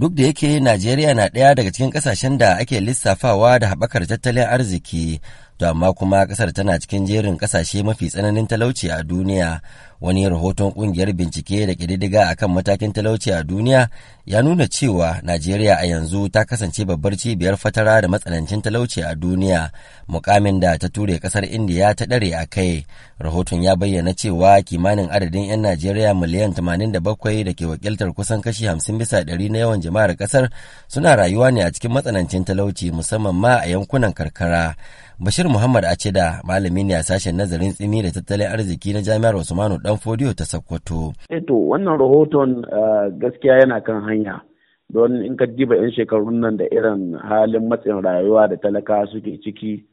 duk da yake najeriya na ɗaya daga cikin ƙasashen da ake lissafawa da haɓakar tattalin arziki to amma kuma kasar tana cikin jerin kasashe mafi tsananin talauci a duniya wani rahoton kungiyar bincike da a kan matakin talauci a duniya ya nuna cewa najeriya a yanzu ta kasance babbar cibiyar fatara da matsanancin talauci a duniya mukamin da ta ture kasar indiya ta ɗare a kai rahoton ya bayyana cewa kimanin adadin 'yan najeriya miliyan 87 da ke wakiltar kusan kashi 50 bisa 100 na yawan jama'ar kasar suna rayuwa ne a cikin matsanancin talauci musamman ma a yankunan karkara Bashir Muhammad a da malami ne a sashen nazarin tsimi da tattalin arziki na Jami'ar Usmanu Dan Fodiyo ta Sokoto. Eto eh wannan rahoton eh, gaskiya yana kan hanya don in ka diba 'yan shekarun nan da irin halin matsin rayuwa da talaka suke ciki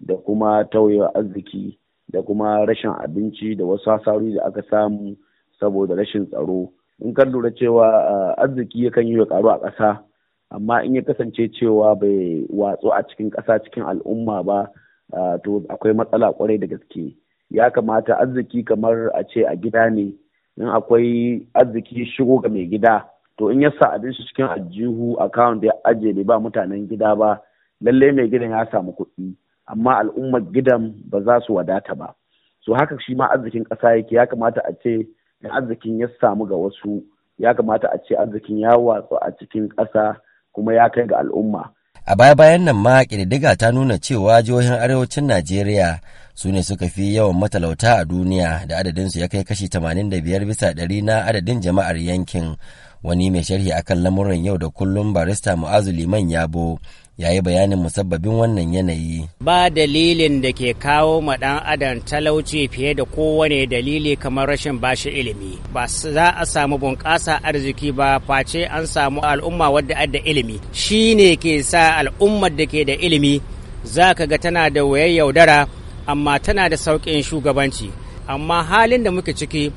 da kuma tauye arziki da kuma rashin abinci da wasu hasari da aka samu saboda rashin tsaro. In ka lura cewa eh, arziki yakan yi wa karu a ƙasa amma in ya kasance cewa bai watsu a cikin ƙasa cikin al'umma ba to akwai matsala kwarai da gaske ya kamata arziki kamar a ce a gida ne in akwai arziki shigo ga mai gida to in ya sa abin shi cikin aljihu account ya ajiye ne ba mutanen gida ba lallai mai gidan ya samu kuɗi amma al'ummar gidan ba za su wadata ba so haka shi ma arzikin ƙasa yake ya kamata a ce arzikin ya samu ga wasu ya kamata a ce arzikin ya watsu a cikin ƙasa kuma ya kai ga al'umma. A baya-bayan nan ma ƙididdiga ta nuna cewa jihohin arewacin Najeriya su ne suka fi yawan matalauta a duniya da adadinsu ya kai kashi 85 bisa ɗari na adadin jama'ar yankin. Wani mai sharhi akan lamuran yau da kullum barista Mu'azu Liman Yabo ya yi bayanin musabbabin wannan yanayi. Ba dalilin da ke kawo ma ɗan adam talauci fiye da kowane dalili kamar rashin bashi ilimi. Ba za a samu bunƙasa arziki ba face an samu al'umma wadda adda ilimi. Shi ne ke sa al'ummar da ke da ilimi za ka ga tana da wayar yaudara amma tana da sauƙin shugabanci. Amma halin da muke ciki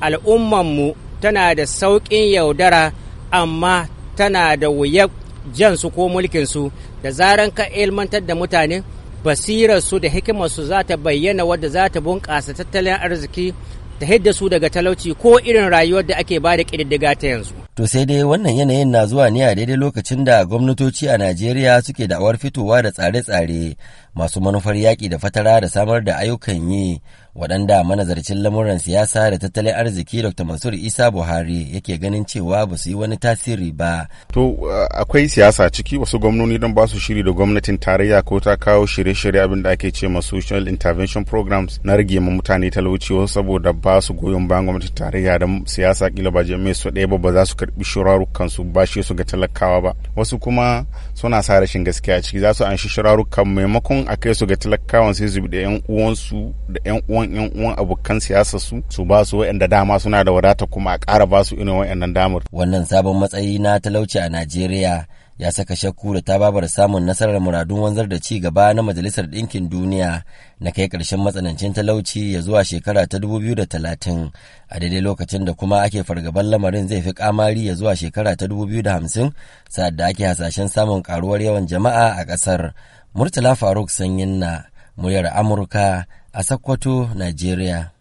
al'ummar mu tana da sauƙin yaudara amma tana da wuyar jansu ko mulkinsu da zaran ka ilmantar da mutane basirarsu da hikimarsu za ta bayyana wadda za ta bunƙasa tattalin arziki ta hidda su daga talauci ko irin rayuwar da ake bada ƙididdiga ta yanzu. To sai dai wannan yanayin na zuwa ne a daidai lokacin da gwamnatoci a Najeriya suke da'awar fitowa da tsare-tsare masu manufar yaƙi da fatara da samar da ayyukan yi waɗanda manazarcin lamuran siyasa da tattalin arziki dr mansur isa buhari yake ganin cewa ba su yi wani tasiri ba to akwai siyasa ciki wasu gwamnoni don ba su shiri da gwamnatin tarayya ko ta kawo shirye-shirye abin da ake ce ma social intervention programs na rage ma mutane talauci wasu saboda ba su goyon bayan gwamnatin tarayya da siyasa kila ba jami'ai su ɗaya ba ba za su karɓi shirarukan su bashe su ga talakawa ba wasu kuma suna sa rashin gaskiya ciki za su an shi maimakon a kai su ga talakawan sai su bi da yan uwansu da yan uwan yan uwan abokan siyasa su su ba su dama suna da wadata kuma a kara ba su irin damar. Wannan sabon matsayi na talauci a Najeriya ya saka shakku da ta tababar samun nasarar muradun wanzar da ci gaba na Majalisar Ɗinkin Duniya na kai karshen matsanancin talauci ya zuwa shekara ta 2030 a daidai lokacin da kuma ake fargaban lamarin zai fi kamari ya zuwa shekara ta 2050 sa'ad da ake hasashen samun karuwar yawan jama'a a ƙasar. Murtala Faruk Sanyin na muyar Amurka a Sokoto, Najeriya.